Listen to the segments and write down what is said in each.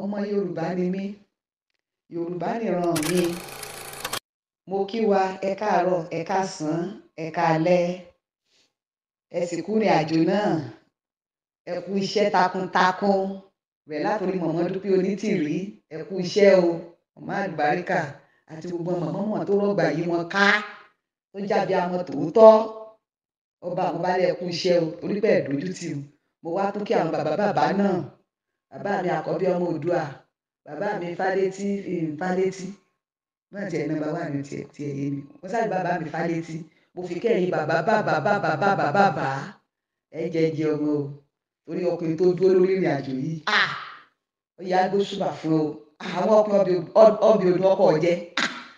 ọmọ yorùbá ni mí yorùbá nìran mi mo kí wa ẹ káàárọ̀ ẹ káàsán ẹ káalẹ́ ẹ sì kú ní àjò náà ẹ kú iṣẹ́ takuntakun rẹ̀ látòrí mọ̀mọ́ dúpẹ́ onítìrí ẹ kú iṣẹ́ o mọ̀mọ́ àlùbáríkà àti gbogbo mọ̀mọ́ mọ̀ tó rọ̀gbà yìí wọn ká tó jáde àwọn tòótọ́ ọba àwọn balẹ̀ ẹ kú iṣẹ́ o orí bẹ́ẹ̀ dojú tì mo wá tó kí àwọn bàbá bàbá náà bàbá mi àkọ́bí ọmọ òdua bàbá mi fádétí fádétí náà tiẹ̀ nọ́mbà wà ní tiẹ̀ tiẹ̀ yé mi mo sáré bàbá mi fádétí mo fi kẹ́yìn bàbá bàbá bàbá bàbá bàbá ẹ jẹ́ jẹ́ ọmọ o torí ọkùnrin tó dúró lórí ìrìn àjò yìí ó yá gbó fún o àwọn ọkùnrin ọbẹ̀ odò ọkọ̀ jẹ́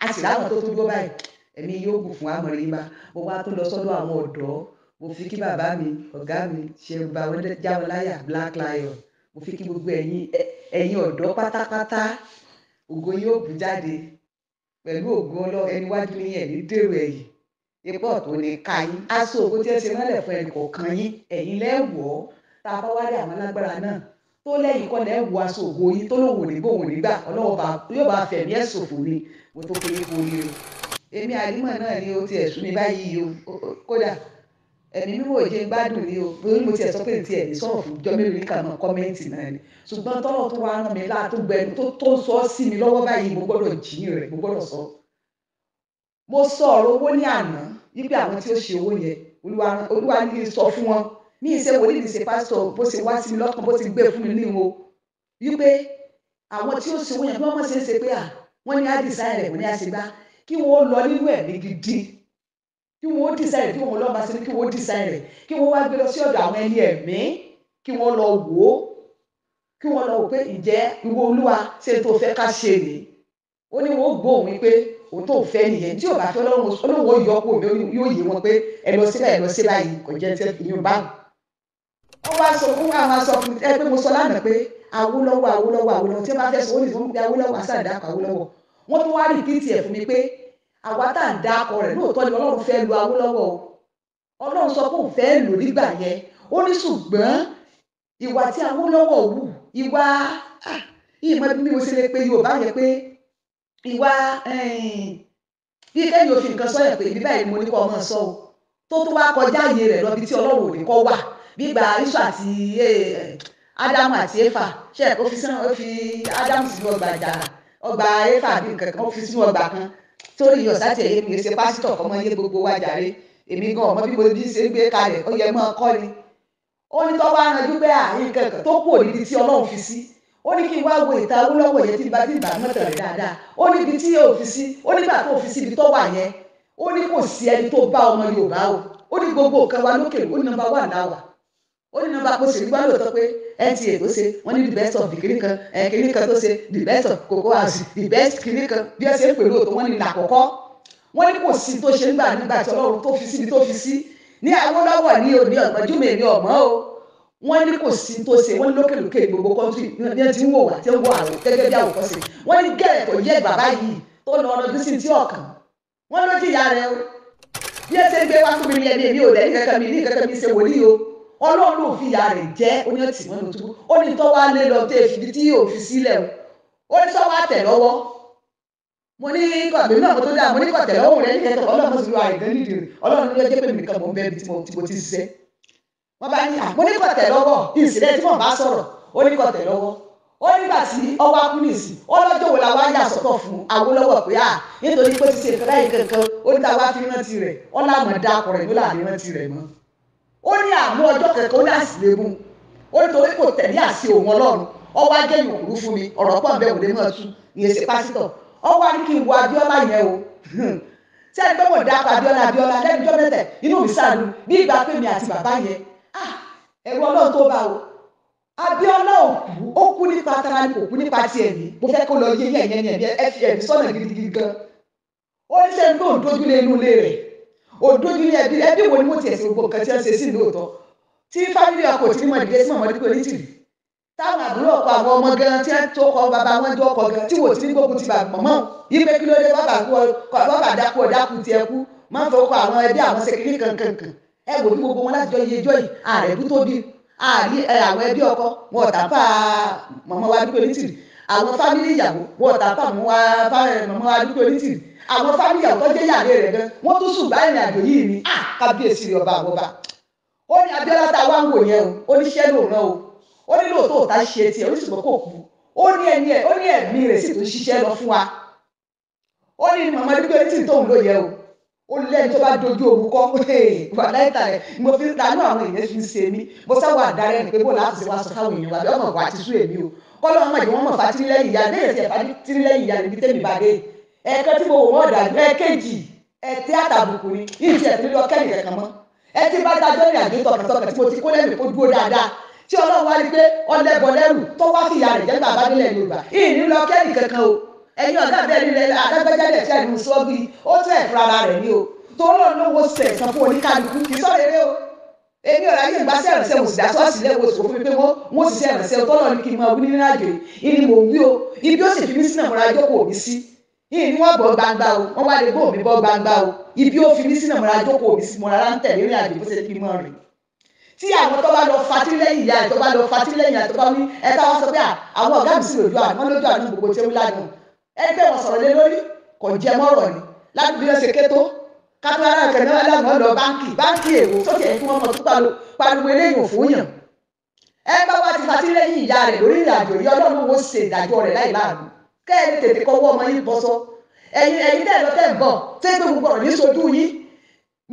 a sì láwọn tó tó dúró báyìí ẹ̀mí yóò gùn fún amọ̀rìnba mo wá tó lọ sọ́dọ̀ àwọn ọ̀dọ́ mo fi kí bàbá mi ọ̀gá mi ṣe ń ba jáwọ́ láyà black lion mo fi kí gbogbo ẹ̀yin ẹ̀yin ọ̀dọ́ pátápátá ògo yóò bú jáde pẹ̀lú ògo ọlọ́run ẹni wájú ní ẹ̀mí dèrò ẹ̀yìn epo ọ̀tún ni ká yín aṣọ ògo tí ẹ ṣe mọ́lẹ̀ fún ẹnì kọ̀ọ̀kan yín ẹ̀yin lẹ́wọ̀ọ́ tá a bá wá rí àwọn alágbára náà tó lẹ́yìn kọ́ lẹ́wọ̀ aṣọ ògo yín tó lòun ò ní bóun nígbà ọlọ́wọ́ yóò bá fẹ̀mí ẹ̀ ṣòfò ni mo tó fi kú ni o èmi àlímọ̀ náà ni o ti ẹ̀sùn mi báyìí o kódà ẹ̀mí mímọ́ ìjẹ́ gbádùn ni o lórí mo tiẹ̀ sọ pé tiẹ̀ ní sọ̀rọ̀ fún jọ mélòó kà mọ́ kọ́mẹ́ǹtì náà ni ṣùgbọ́n tọ́lọ̀ tó wá rán mi láà tó gbẹnu tó tó sọ ọ́ sí mi lọ́wọ́ báyìí mo gbọ́dọ̀ jiyàn rẹ̀ mo gbọ́dọ̀ sọ. mo sọ ọ̀rọ̀ owó ní àná wípé àwọn tí ó ṣe owó yẹn olúwa ní sọ fún wọn ní ìṣe wòlíì ní ṣe pásítọ̀ bó ṣe wá sí mi lọ́kàn bó ti gbé fún mi níwo wípé àwọn tí ó ṣe owó yẹn bí wọ́n mọ̀ kí wọ́n design kí wọ́n lọ́ọ́ bá sí ní kí wọ́n design rẹ̀ kí wọ́n wá gbé lọ sí ọ̀dọ̀ àwọn ẹni ẹ̀mí kí wọ́n lọ wò ó kí wọ́n lọ wò pé ǹjẹ́ ìwọ olúwa ṣe tó fẹ́ ká ṣe rèé ó ní wọ́n gbóhùn wípé òun tó fẹ́ nìyẹn tí ò bá fẹ́ ọlọ́run olówó yọkù mi yóò yé wọn pé ẹ lọ síbẹ̀ ẹ lọ síbẹ̀ yìí kò jẹ́ tẹ́ fi yín báwọn. ó wá sọ fún wa máa sọ fún ẹ pé mo sọ lánàá pé Awólọ́wọ̀ Awólọ́wọ̀ Awólọ́wọ̀ tí wọ́n bá fẹ́ sọ ó ní àwa tá à ń dá akọ rẹ̀ lóòótọ́ ni ọlọ́run fẹ́ lu awólọ́wọ̀ o ọlọ́run sọ pé òun fẹ́ lò nígbà yẹn ó ní ṣùgbọ́n ìwà tí awólọ́wọ̀ wù ìwà ìmọ̀ bí mo ṣe lè pe yorùbá yẹn pé ìwà bí kẹ́yìn òfin nǹkan sọ yẹn pé ibi báyìí ni mo ní kọ́ ọmọ sọ o tó tó wá kọjá ààyè rẹ̀ lọ́bi tí ọlọ́run ò ní kọ́ wà gbígba iṣu àti ádámù àti éfà ṣe é kó fi ádámù sínú ọgbà àjàrà ọgbà éfà bí nǹkan kan ó fi sínú ọgbà kan torí yọ sátẹ̀yẹ mi ṣe pásítọ̀ kọ́mọ yé gbogbo wa jàre èmi gan ọmọ bíbo bí ṣe gbé kalẹ̀ ó yẹ mọ́ ọkọ́ ni ó ní tọ́wọ́ aranjú pé àyín kankan tó kù òdìdí tí ọlọ́run fi sí ó ní kí n wá wo ìta Awólọ́wọ̀ yẹn tí n bá ti gbà mọ́tò rẹ̀ dáadáa ó ní ibi tí yóò fi sí ó nígbà tó fi sí ibi tó wà yẹn ó ní kò sí ẹni tó bá ọmọ Yorùbá o ó ní gbogbo nǹkan lókè ó ní nọ́mbà wà láwà ó ní nọ́mbà kó sì rí gbá pé nta tó ṣe wọ́n ní the best of the kìnìún kan kìnìún kan tó ṣe the best of cocoa house the best kìnìún kan bí ẹ ṣe ń pèrò tó wọ́n ní làkọ́kọ́ wọ́n ní kò sí tó ṣe nígbà nígbà tí ọlọ́run tó fi síbi tó fi sí ní Awólọ́wọ̀ ní òní ọ̀gbọ́njú mi ní ọ̀mọ́ o wọ́n ní kò sí tó ṣe wọ́n lókèlókè gbogbo kọ́ńtì ní ẹ ti ń wò wá tí ń wò àrò gẹ́gẹ́ bí àwòkọ́ṣe wọ́n ní gẹ́ẹ̀ tó yẹ bàbá yìí tó lọ ọdún sí tí ọ̀kan wọ́n ló jìyà rẹ̀ o bí ẹ ṣe gbé wá fún mi ní ẹ̀mí mi ò lẹ́yìn kankan mi ní kankan mi ṣe wòlíì o ọlọ́run ò fi ìyá rẹ̀ jẹ́ oyún tì mọ́nu tó ó ní tó wá lé lọ tó èfi tí yóò fi sílẹ̀ o ó ní tó wá tẹ̀ lọ́wọ́ mo ní kọ̀tẹ̀ mi náà mo tó dáa mo ní kọ̀tẹ̀ lọ́wọ́ rẹ̀ nígbà tó ọlọ́run mo sì lo àìdán nídìí rẹ̀ ọlọ́run ló jẹ́ pé mi nìkan mo ń bẹ́ẹ̀ tí mo ti ṣiṣẹ́ wọ́n bá ní à mo ní kọ̀tẹ̀ lọ́wọ́ ìsìlẹ̀ tí mo bá sọ̀rọ̀ ó ní kọ̀tẹ̀ lọ́wọ́ ó nígbà tí ọwọ́ akúnìsì ọlọ́jọ́ wo la wá yà sọ́tọ̀ fún Awólọ́wọ̀ pé à nítorí pé ti ṣe nǹkan báyìí kankan ó ní ta wá fi rántí rẹ̀ ọ̀làmọ̀dá akọ̀rẹ̀ ló là rántí rẹ̀ mọ́. ó àánú ọjọ́ kẹ̀kẹ́ ó ní àsìlè mú ó ní kò tẹ̀lé àṣẹ òun ọlọ́run ọwọ́ ajé fún mi ọ̀rọ̀ pọ̀ bẹ́ẹ̀ wò lè mọ̀ tú ìyẹn ṣe pásítọ̀ ọwọ́ á ní kí n wo Abíọ́lá yẹn o ẹni mo dá lẹ́nu jọ́ mẹ́tẹ̀ inú mi bí ìgbà pé mi àti bàbá yẹn ẹ̀rù ọlọ́run tó bá o abiola ó kú nípa tara ni kò kú nípa tiẹ̀ ní mo fẹ́ kó lọ yé yẹ̀yẹ́ ẹ fi ẹ̀mí sọ́nà gidigidi gan ó ní òdójúlé ẹbí ẹbí wo ni mo tiẹ̀ sí gbogbo nǹkan tí wọ́n ṣe sí lóòótọ́ tí fámìlì ọkọ tí mo dìde sí mọ̀mọ́dé pé onítìrì táwọn àbúrò ọkọ àwọn ọmọ gan tí wọ́n tó kọ bàbá wọn tó kọ gan tí wò tí gbógun ti bàgbọ́ mọ́ yí pé kí ló dé bọ́bà dákú ọ̀dákú tiẹ̀ kú má fọwọ́ kọ àwọn ẹbí àwọn ṣèkìlì kankankan ẹ wò ní gbogbo wọn láti jọ iye jọ àwọn fámìlì àwùjọ jẹ́ yàrá rẹ̀ gan wọ́n tún sùn bá ìrìn àjò yìí ni à ah, kábíyèsí rẹ̀ ọba àwọn ọba ó ní Abíọ́lá ta wá ń wò yẹn o ó ní iṣẹ́ ló rán o ó ní lóòótọ́ òta ṣe tiẹ̀ ó ní ṣùgbọ́n kò kú ó ní ẹni ẹ̀ ó ní ẹ̀mí rẹ̀ sì tún ṣiṣẹ́ lọ fún wa ó ní màmá dúpẹ́ orí tí tóun ló yẹ o ó lẹ́ni tó bá dojú òun kọ́ wà láìta rẹ̀ mo fi tanú àwọn èèyàn fi ń ṣe mí mo sáwọ́ àdárẹ́ ni pé bó láti ṣe wá sọ fáwọn mọ̀ jẹ́ wọ́n ìyá bẹ́ẹ̀ sì fatílẹ́yìn ìyá níbi tẹ́mi bá dé ẹ̀ẹ̀kan tí mo wò wọ́n dàgbé ẹ̀ẹ̀kejì ẹ̀tí àtàbùkù ni yìí ti ẹ̀tí lọ kẹ́yìn ẹ̀kan mọ́ ẹ̀tí bá dájọ́ ìrìn àjò tọkàntọkàn tí mo ti kó lẹ́nu kó dúró dáadáa tí ọlọ́run wá rí pé ọlẹ́bọ lẹ́rù tó wá sí ìyá rẹ̀ jẹ́ bàbá nílẹ̀ yorùbá yìí ní lọ kẹ́yìn kankan o ẹ̀yin ọ̀gá bẹ́ẹ̀ ni adágbẹ́jẹ́lẹ̀ tí ẹnu sọ́ọ́bì ó tún ẹ̀ fúnra rẹ̀ ni o tọ́lọ́ ló wo sẹ̀sán fún oníkálukú kì í sọ̀rọ̀ eré o èmi ọ̀rọ̀ ayé ìgbà sẹ́rìn sẹ́wọ̀n sì dáṣọ́ sílẹ̀ wo sòfò fún mi pé wọ́n sì sẹ́rìn sẹ́wọ̀n tọ́lọ́ ni kì í máa wí nínú àjò yìí ni mò ń wí o ibi ó sì fi mí sínú àmúra ìjókòó mi sí yìí ni wọ́n bọ́ gbangba o wọ́n wá lè bóòmí bọ́ gbangba o ibi ó fi mí sínú ìmọ̀ra jókòó mi sí mọ̀ra láńtẹ̀ lórí àjò bó ṣe kí mọ́ rìn tí àwọn tó bá lọ fatí lẹ́yìn ìyá tó bá lọ fatí lẹ́yìn àtọ́ bá ní ẹ̀ka wọn sọ pé àwọn ọ̀gá mi sì lòdù àná wọn lójú àná gbogbo tí ó ládùn ẹgbẹ́ wọn sọ̀rọ̀ lé lórí kò jẹ mọ́rọ̀ ni ládùúgbò yóò ṣe kétó kápẹ́ ara kẹ̀mẹ́ aláàmọ́ lọ báńkì báńkì èrò kẹ́ẹ̀ni tètè kọ́wọ́ ọmọ yín bọ́sọ ẹ̀yin ẹ̀yin tẹ̀ lọ tẹ̀ ń bọ̀ tẹ́ pé gbogbo ọ̀rọ̀ ní sojú yín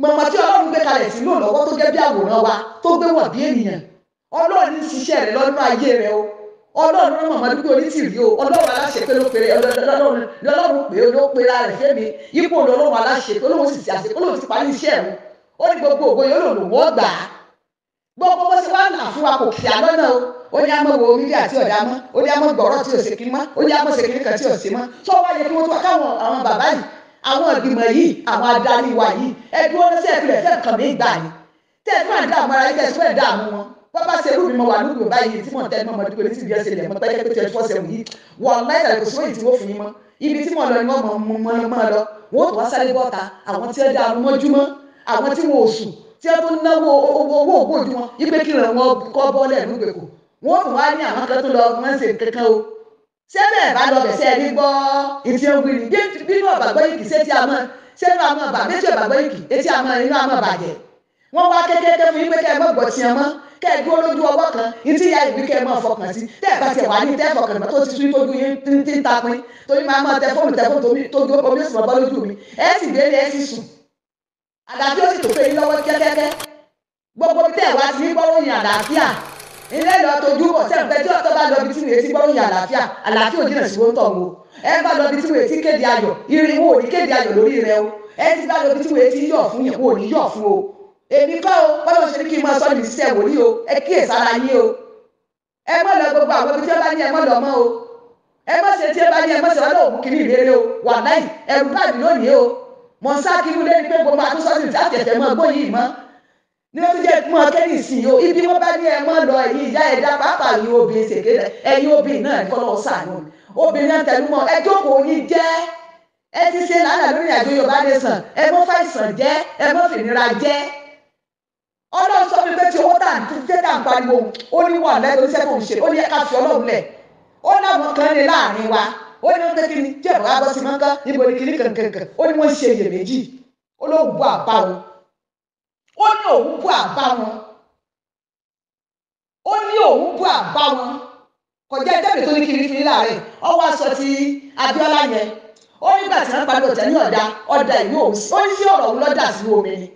mọ̀mọ́ tí ọlọ́run gbé kalẹ̀ sínú lọ́wọ́ tó jẹ́ bí àwòrán wa tó gbé wọ̀ bí ènìyàn ọlọ́run ní ṣiṣẹ́ rẹ̀ lọ́nà ayé rẹ̀ o ọlọ́run náà mọ̀mọ́ dúpẹ́ onítìrí o ọlọ́run aláṣẹ pé ló pèrè ọlọ́run pé ló pèrè ara rẹ̀ fẹ́mi yípo ọlọ́run aláṣẹ pé olóhùn sì ṣàṣẹ olóhùn sì parí iṣẹ́ rẹ̀ ó ní gbogbo ògbóyè olóhùn wọ́n gbà á gbogbo bó ó ní àmọ́ wo mídíà tí ọ̀dà mọ́ ó ní àmọ́ gbọ̀rọ̀ tí òsèkì mọ́ ó ní àmọ́ sèkì kan tí òsè mọ́ tó wáyé kí wọ́n tó káwọn àwọn bàbá yìí àwọn ìgbìmọ̀ yìí àwọn adarí wa yìí ẹbí wọn sí ẹbí rẹ̀ fẹ́ kàn gbà ni tẹ́ ẹ máa dààmú ara yín tẹ̀síwẹ̀ dààmú wọn wọ́n bá ṣe irúbi mọ wà lóbi ò báyìí tí mò ń tẹnu ọmọdé pẹ̀lú tìbí ẹsẹ̀ lẹ̀ mọ́ pẹ́ẹ́kẹ́ pé twenty four seven yìí wọ́n láì tàbí kò sóyè tí wọ́n fún yín mọ́ ibi tí wọ́n lọ ni wọ́n mọ̀ mọ́ mọ́ lọ wọ́n tó wá sáré bọ́ta àwọn tí wọ́n da àrùn mọ́júmọ́ àwọn tí wọ́n ò sùn tí wọ́n tó náwó owó ògbójú wọn ipe kí ràn wọ́n kọ́ bọ́ọ̀lù ẹ̀dúgbèkùn wọ́n tún wá ní àwọn kan tó lọ wọ́n ṣe kankan o sẹ́bẹ̀ bá lọ bẹ̀ sẹ́ẹ̀ ní gbọ́ etí ogun ni nínú ọ̀bàgbọ́ yìí kì í sétí àmọ́ sẹ́nu àmọ́ bà méjì ọ̀bàgbọ́ yìí kì etí àmọ́ inú àmọ́ bàjẹ́ wọ́n wá kékeré fún yín pé kẹ́ ẹ mọ̀ gbọ̀ tiẹ̀ mọ́ kẹ́ ẹ dúró lójú ọwọ́ kan etí ìyá ìbí kẹ́ ẹ mọ̀ fọkàn sí tẹ́ ẹ bá tiẹ̀ wá ní tẹ́ fọkàn mọ́ tó ti tún tójú yín tí ń tapin torí máa mọ tẹfóònù tẹfóònù tó gbé omi sùn bọ́ lójú mi ẹ sì gbé ní ẹ sì sùn àdàbí ó sì tó pé yín lọ́wọ́ kẹ́kẹ́kẹ́ gbogbo tẹ́ ẹ wá sí gbọ́ròyìn àdàbíà ilé lọ tójú bọ̀ sẹ́yìn pé tí ọ̀tọ́ bá lọ bí tí wèé ti gbọ́ròyìn àlàáfíà àlàáfíà òjì náà sí wọ́n tọ̀ wọ́n ẹ bá lọ bí tí wèé ti kéde ayọ̀ irinwó ò ní kéde ayọ̀ lórí rẹ o ẹ ti bá lọ bí tí wèé ti yọ̀ fún yẹn wò ní yọ̀ fún o èmi kọ́ o bọ́lá òṣèré kí n máa sọ nìyí sẹ́ wòlíì o ẹ kíyè sára yín o ẹ mọ̀ lọ gbogbo àwọn ibi tí wọ́n bá ní ẹ mọ̀ lọ mọ́ o ẹ mọ̀ ṣe tí ẹ bá ní ẹ mọ̀ ṣe lọ́dọ̀ òkú kìíní ìrere o wà láì ẹ̀rù báyìí lónìí o mọ̀ ń kí n lé ní pé gbogbo àtúnṣọ́sìn tí àtẹ̀tẹ̀ mọ́ gbóyè mọ́ ní ó jẹ́ mọ́ kẹ́yìn sí o ibi wọ́n bá ní ẹ mọ́ lọ ẹ̀yin ìyá ẹ̀dá pàápàá yìí obìnrin ṣèké rẹ̀ ẹ̀yin obìnrin náà ní kọ́lọ́ sànù obìnrin náà tẹnu mọ́ ẹ jókòó yín jẹ́ ẹ ti ṣe lánàá lórí àjò Yorùbá nation ẹ mọ́ fàìsàn jẹ́ ẹ mọ́ fìnira jẹ́ Ọlọ́run sọ mi pé tí owó tà ń tẹ́ tà ń pariwo ó ní wà lẹ́nu iṣẹ́ tó ń ṣe ó ní ẹ̀ka fi Ọlọ́run lẹ̀ ó láwọn kan ní láàrin wa ó ní ó ní òun bú àbá wọn ó ní òun bú àbá wọn kọjá ìjẹ́bi tó ní kiri fi láàrin ọwọ́ aṣọ ti Abíọ́lá yẹn ó nígbà tí wọ́n parí ọ̀tẹ̀ ní ọ̀dà ọ̀dà ìlú òun ó ní sí ọ̀rọ̀ òun lọ́dà sí omi ni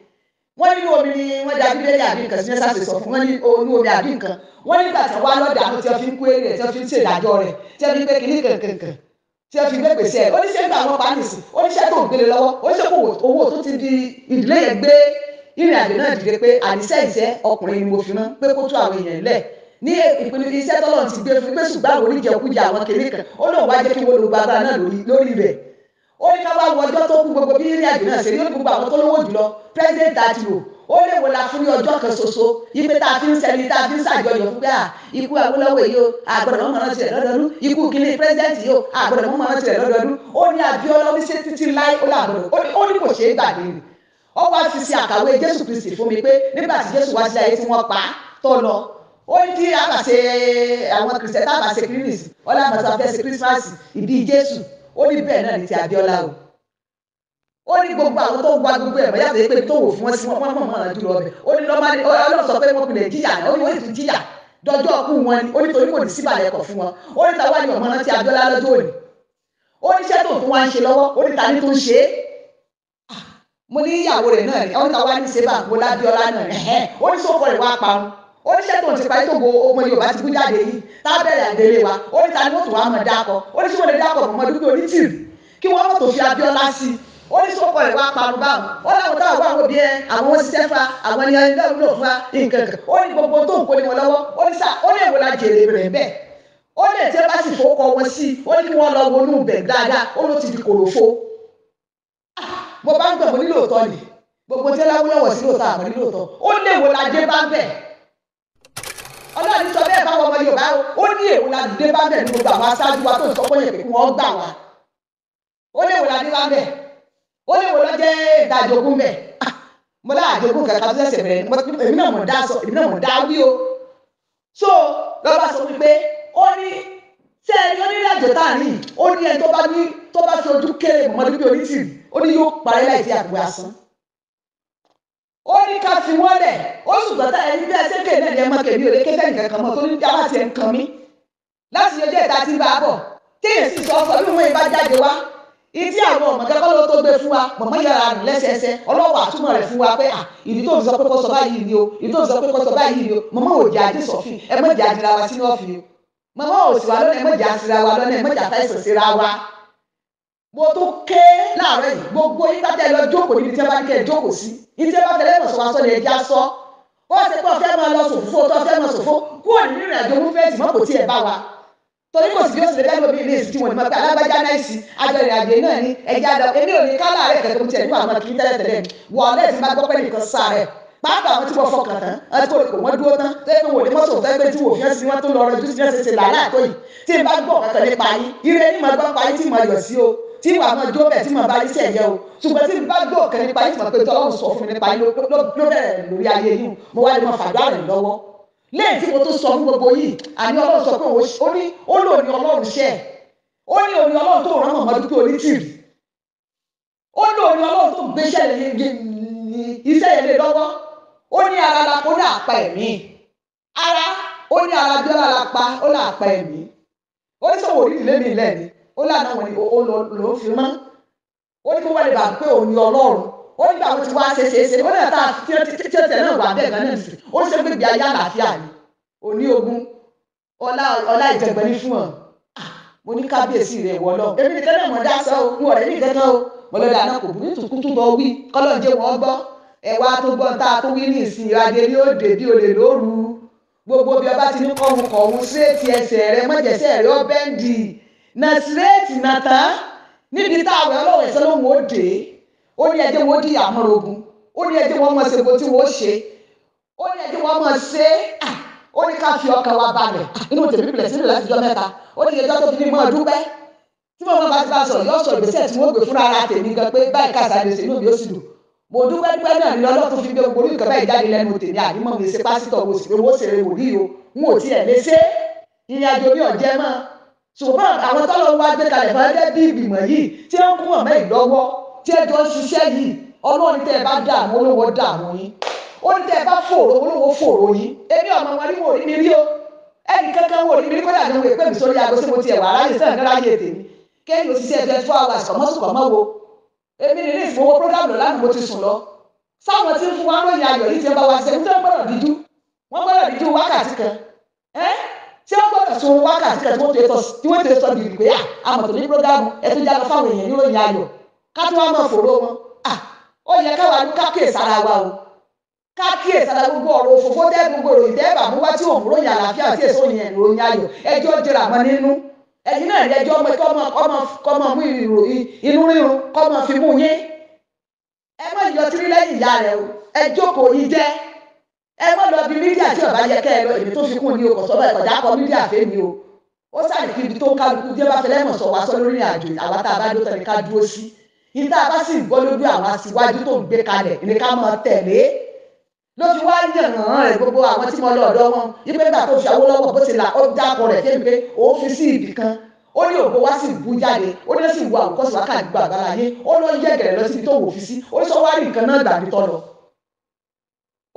wọ́n ní omi ni wọ́n da bíbélì àbí nǹkan sí mẹ́sàsì sọ fún wọ́n ní omi omi àbí nǹkan wọ́n nígbà tí wọ́n lọ́dà tí wọ́n fi ń kú èrè tí wọ́n fi ń ṣe ìdájọ́ rẹ̀ tí wọ́n fi gbé kiri kankan tí wọ́n fi gbé gbèsè ẹ̀ oníṣẹ́ gbà wọn pa nìsí oníṣẹ́ tó gbélé lọ́wọ́ oníṣẹ́ ìrìn àjò náà dìde pé àníṣe ìṣe ọkùnrin ni mo fi rán pé kó tó àwọn èèyàn lẹ̀ ní ìpinnu iṣẹ́ tọ́lọ̀ ti gbé fún pé ṣùgbọ́n àwọn oníjẹkújẹ àwọn kéré kan ó lóun wá jẹ́ kí wọ́n lo gbàgbà náà lórí rẹ̀ ó ní ká wá wọ ọjọ́ tó kún gbogbo bí ìrìn àjò náà ṣe ní gbogbo àwọn tó lówó jùlọ president àti rò ó lè wò la fún ní ọjọ́ kan ṣoṣo ipe tá a fi ń sẹ́ni tá a fi ń ṣàjọyọ̀ fún pé à ikú Awólọ́wọ̀ yìí o àgbọ̀dọ̀ mọ̀ rántí rẹ̀ lọ́dọọdún ikú kínní president yìí o àgbọ̀dọ̀ mọ̀ rántí rẹ̀ lọ́dọọdún ó ní Abíọ́lá oníṣẹ́ títí láé ó làgbọ̀dọ̀ ó ní kò ṣeé gbàgbé ọ wá ti ṣe àkàwé jésù kristi fún mi pé nígbà tí jésù wá sí ayé tí wọ́n pa tó lọ ó ní kí a bá ṣe àwọn kìrìsìtẹ́ tá a bá ṣe kírìsì ọlá àmọ́tà fẹ́ ṣe kírísímàsì ìdí jésù ó ní bẹ́ẹ̀ náà ní ti abíọ́lá o ó ní gbogbo àwọn tó ń gba gbogbo ẹ̀mọ́ yàtọ̀ pé tó wò fún wọn sí wọn mọ̀ mọ̀ náà jùlọ ọbẹ̀ ó ní lọ́mọdé ọlọ́run sọ pé wọn kò lè jíyà ó ní wọ́n ti jíyà dọjọ́ ọkú wọn ni ó ní torí kò ní síbàlẹ̀ ẹ̀kọ́ fún wọn ó ní tàwa ni ọmọ náà ti abíọ́lá lọ́jọ́ òní ó ní iṣẹ́ tó fún wa ń ṣe lọ́wọ́ ó ní ta tó ń ṣe é mo ní ìyàwó rẹ̀ náà ni ọ̀tá wa ní sèbà mo lábíọ́lá náà ni ẹ̀hẹ́ ó ní sọ́kọ rẹ̀ wá pa ó ní sẹ́tò ti parí tó bo ọmọ Yorùbá ti kú jáde yìí tábẹ́rẹ̀ àdélé wa ó ní ta ni wọ́n tún wá mọ̀ dákọ̀ ó ní sọ́kọ rẹ̀ dákọ̀ mọ̀ dúpẹ́ onítìrì kí wọ́n mọ̀ tó fi Abíọ́lá sí i ó ní sọ́kọ rẹ̀ wá parun báwọn ó láwọn táwọn wá àwọn bíi àwọn ṣiṣẹ́ fa àwọn ènìyàn ilé ìlú òfúra nǹkan kan ó ní gbogbo tó ń kó ní wọn lọ́wọ́ ó ní sà ó ní èwo la jèrè rẹ̀ bẹ́ẹ̀ ó ní ètí ẹ bá bó bá ń gbẹ̀ mo ní lóòótọ́ ni gbogbo tí láwùlọ́wọ̀ sí lóòótọ́ àmọ́ ní lóòótọ́ ó léwo la dé bá bẹ̀ ọlọ́run sọ bẹ́ẹ̀ báwọn ọmọ Yorùbá ó ní èwo la dé bá bẹ̀ ní gbogbo àwọn aṣáájú wa tó ń sọ pé yẹn pé wọ́n gbà wá ó léwo la dé bá bẹ̀ ó léwo la jẹ́ ìdájogún bẹ̀ ah, mo lá àjogún kàkà tó lẹ́sẹ̀ bẹ̀rẹ̀ èmi náà mọ̀ dá sọ èmi náà mọ̀ dá wí o so lọ́ba sọ wípé ó ní sẹ́ẹ̀ni onírìnàjò tá à ní ó ní ẹni tó bá ní tó bá ṣojú torí yóò parí láì fi àpò asán ó ní ká fi wọ́n lẹ̀ ó ṣùgbọ́n tá ẹni bí ẹsẹ̀ kéde náà ni ẹ mọ kèmí ò lè kéde nǹkan kan mọ́ torí dáwà tiẹ̀ ń kan mí láti ọjọ́ ìta tí ń bá a bọ̀ téèyàn sì sọ ọkọ̀ bí wọ́n yẹn bá jáde wá ìdí àwọn ọmọdé kọ́ ló tó gbé fún wa mọ̀mọ́ yàrá rùn lẹ́sẹẹsẹ ọlọ́wọ́ àtúmọ̀ rẹ̀ fún wa pé à ìdí tó ń sọ pé kó sọ báyìí ni o ìdí tó ń sọ pé kó sọ báyìí ni o mọ̀mọ́ ò jẹ́ àdé sọ̀fìn ẹ mọ̀ jẹ́ àdìrà wa o mọ̀mọ́ ò sì wá lọ́nà ẹ mọ̀ jẹ́ àsìrà mo tó ké láàárọ̀ yìí gbogbo yín bá tẹ̀lé ọjọ́kòó níbi tí ẹ bá ní kẹ́ ẹ jókòó sí ibi tí ẹ bá tẹ̀lé ẹ̀mọ̀sọ̀ wá sọ ni ẹ já sọ ó ṣe pé ọ̀fẹ́ máa lọ sòfófó tó ọ̀fẹ́ máa sòfó kúrò nínú ìrìn àjò múfẹ́ẹ̀tì mọ́ kò tiẹ̀ bá wa torí kò sí bí ó ṣe lè lómi ilé ìsújú wọn ni mo pe alágbájá náà sí àjọ ìrìn náà ni ẹja lọ èmi ò ní kálá rẹ kẹkẹ tiẹ̀ nínú àwọn kìí tẹ́lẹ̀ tẹ́lẹ̀ wọlé tí máa gbọ́ pé nìkan sá rẹ pàápàá àwọn tí wọ́n fọkàn tán àwọn tí wọ́n kò wọ́n dúró tán tó yẹ kó wò lè mọ́tò tó pé tí wò fíẹ́ sí tó lọ ju ti fíẹ́ ṣe làálàá tó yìí tí n bá gbọ́ ọ̀kan nípa yín ire ni màá gbọ́ pa yín tí màá yọ̀ sí o tí wàá máa jó bẹ́ẹ̀ tí màá bá yín sí ẹ̀yẹ o ṣùgbọ́n tí bá gbọ́ ọ̀kan nípa yín tí màá pé tí ọlọ́run sọ fún mi nípa yín ló bẹ̀rẹ̀ lórí ayé yín mo wá lè máa fàdúrà rẹ̀ lọ́wọ́ lẹ́yìn tí mo tó sọ fún gbogbo yìí àní ọlọ́run sọ pé ó ní ó lò ní ọlọ́run ṣẹ́ ó ní òní ọlọ́run tó rán mọ̀mọ́dún pé onítìrì ó ní òní ọlọ́run tó gbéṣẹ́ iṣẹ́ yẹn lé lọ́wọ́ ó ní ara la ó ní àpá ẹ̀mí ara ó ní ara bí ó lára pa ó ní àpá ẹ̀mí ó ní sọ̀wọ́ orí ìlémi lẹ́ni ó lànà wọn ló ń fi mọ́ ó ní kó wọ́n lè bá pé òun ni ọlọ́run ó nígbà wọn ti wá ṣe ṣe ṣe ó náà tá tí ó tẹ̀ náà wà bẹ́ẹ̀ gan náà sí ó ṣe pé ibi ayé àlàáfíà ni òní ogun ọlá ìjẹ̀gbẹ́ ní fún ọ mo ní kábíyèsí rẹ̀ wọ lọ èmi nìkan náà mo dá sọ o mo rẹ̀ nìkan o mo lọ dáná kò burú tuntun bọ wí kọ́lọ́ọ̀jẹ́ wọn gbọ́ ẹ̀wá tó gbọ́n tá a tó wí ní ìsìn ìradé ní òde bí olè lóru gbogbo bí ọba ti ní kọ́hún kọ̀ọ̀hún sí nàṣírẹ́ẹ̀tì nàtán níbi táwọn ọlọ́wọ́ ẹ̀sẹ̀ ló ń wò dé ó ní ẹjẹ́ wọn di àmọ́ràn ogun ó ní ẹjẹ́ wọn mọ̀ ṣe bó tí wọ́n ṣe ó ní ẹjẹ́ wọn mọ̀ ṣe ó ní ká fi ọkàn wa balẹ̀ inú tèmi bìlẹ̀ sílẹ̀ láti jọ mẹ́ta ó ní ẹjọ́ tó fi ní mọ́ dúpẹ́ tí mo bá ti bá sọ̀rọ̀ yóò sọ ìgbésẹ̀ tí wọ́n gbé fúnra ara tèmi gan pé báyìí káàsà lè ṣe inú mi ó sì dùn mo dúpẹ́ dúpẹ́ náà ni ọlọ́run fi gbé gbogbo orí ìkàbá ìjáde lẹ́nu tèmi àbí mọ̀ mi ṣe pásítọ̀ mo sì pé owó ṣe wòlíì o n ò tiẹ̀ lè ṣe ìrìn àjò mi ò jẹ́ mọ́ ṣùgbọ́n àwọn tọ́lọ́ wa gbé kalẹ̀ fún ẹgbẹ́ bí ìgbìmọ̀ yìí tí ó ń kún ọ̀mẹ́ ìlọ́wọ́ tí ẹjọ́ ń ṣiṣẹ́ yìí ọlọ́run tẹ́ ẹ bá dààmú olówó dààmú yín ó ní tẹ́ ẹ bá fòrò olówó fòrò yín èmi ọmọ wọn ni mo rí mi rí o ẹnì kankan wo rí mi rí kódà ní wọ́n pè mí sórí aago sí mo tiẹ̀ wà aráyè sẹ́yìn ní ráyè tèmi kéyìn òṣìṣẹ́ twenty fún wa lóyìn ayọ̀ yìí ti ń wákàtí wọn wákàtí kan tí wọ́n tẹ̀ sọ bìbì pé ah, àmọ̀tò ní programu ẹ̀tún jáde fáwọn èèyàn níròyìn ayọ̀ ká tún wá mọ̀ fòró wọn ah, ó yẹ káwa ní kákíyèsí ara wa o kákíyèsí ara gbogbo ọ̀rọ̀ òfófó dẹ́ gbogbo ìròyìn dẹ́ bàmú wá tí òun ròyìn àlàáfíà tí èso yẹn ìròyìn ayọ̀ ẹjọ́ jẹrà mọ́ nínú ẹ̀yin náà ní ẹjọ́ mọ́ kọ́mọ mú ìròyìn inú rírun kọ́mọ fi mú yín ẹ má yọ tírí lẹ́yìn ìyá rẹ o ẹjọ́ kò yí jẹ́ ẹ má lọ bí mídíà tí ọba yẹ kẹ ẹ lọ èmi tó fi kún ní o kò sọ bẹ́ẹ̀ kọjá kọ mídíà fẹ mi o ó sàlì kí ibi tó kálukú jẹ bá fẹlẹ mọ sọ wá sọ lórí àjò àwa tá a bá dó tẹni ká dúró sí yìí tá a bá sì gbọ́ lójú àwọn aṣíwájú tó ń gbé kalẹ̀ ní ká máa tẹ̀lé ló fi wá yàn án rẹ gbogbo àwọn tí mo lọ ọ̀dọ̀ wọn yí pé nígbà tó fi Awólọ́wọ̀ bó ti là ó dákọ rẹ fẹmi pé òun fi sí ibì kan ó ní òkú wá sí ìbú jáde ó ní sì wo àwòkọ́sí wákàtí gbàgbà láyé ó lọ yẹ̀gẹ̀rẹ̀ lọ síbi tó wò fi sí ó sọ wá rí nǹkan náà gbàgbé tọ́ lọ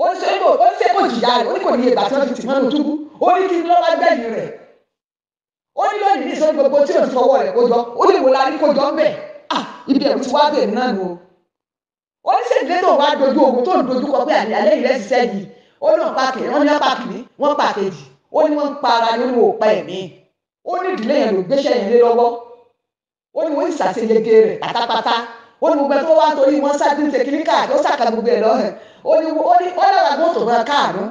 ó ṣe é ó ṣe kò jìyà rẹ̀ ó ní kò ní ìgbà tí wọ́n fi tì mọ́nu túbú ó ní kí lọ́la gbẹ̀yìn rẹ̀ ó ní lónìí ní sọ́ni gbogbo tí o ti fọwọ́ rẹ̀ kójọ ó lè wò la ní kójọ ń bẹ̀ ah ibi ẹ̀rù ti wá bẹ̀ náà nù ó ní sèdílé tó wá dojú ogun tó ń dojú kọ pé àlẹ́ ìrẹ́ ti sẹ́yì ó náà pààkì wọ́n ní pààkì ní wọ́n pààkì jì ó ní wọ́n pa ara ní wọn ò pa ẹ̀mí ó ní ìdílé yẹn ló gbéṣẹ́ yẹn lé lọ́wọ́ ó ní wọ́n ìsàsẹ́yẹgẹ rẹ̀ pátápátá ó ní gbogbo ẹ̀ tó wá torí wọ́n sá ó ní ó ní ó lára gbọ́n sọ̀rọ̀ káàánú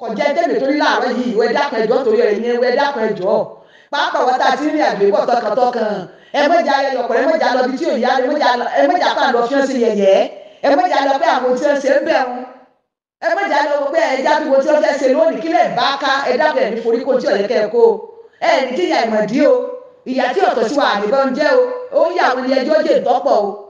kọjá tẹ̀lé torí láàárọ̀ yìí ìwé dákun ẹjọ́ torí ẹ̀yìn ẹ̀wé dákun ẹjọ́ pàápàá wọ́n ta ti rìn àgbè pọ̀ tọkàntọkàn ẹ mẹ́jà ẹyọkọ̀ ẹ mẹ́jà lọ bí tí òyà ẹ mẹ́jà pa lọ fi hàn sí yẹyẹ ẹ mẹ́jà lọ pé àwọn tí wọ́n ṣe ń bẹ̀ wọn ẹ mẹ́jà lọ pé ẹja tó wọ́n tí wọ́n fẹ́ ṣe lónìí kílẹ̀ bá ká ẹ dábẹ̀ ní forí kó tí ọ̀yẹ́ kẹ́ ẹ kó ẹ ní kíyà ìmọ̀dí o ìyà tí ọ̀tọ̀ sí wa àdìbọn jẹ́ o ó yà wọlé ẹjọ́ jẹ́ ìtọ́pọ̀ o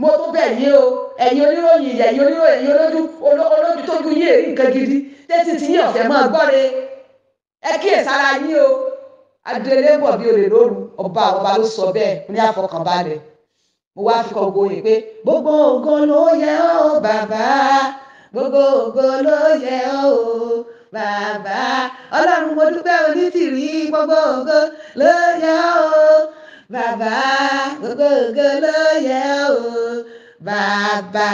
mo tún bẹ̀ yín o ẹ̀yin oníròyìn ẹ̀yin oníròyìn ẹ̀yin olójú olójú tó ju yín èrí nǹkan gidi tẹ́tí tí yín ọ̀fẹ́ máa gbọ́re ẹ kíyèsára yín o adélé bọ̀ bí olè lóru ọba ọba ló sọ bẹ́ẹ̀ ní àfọkànbalẹ̀ mo wá fi kọ gbogbo yìí pé gbogbo ògo ló yẹ ọ́ bàbá gbogbo ògo ló yẹ ọ́ bàbá ọlọ́run mo dúpẹ́ onítìrí gbogbo ògo ló yẹ ọ́ bàbá gbogbo ògo ló yẹ o bàbá.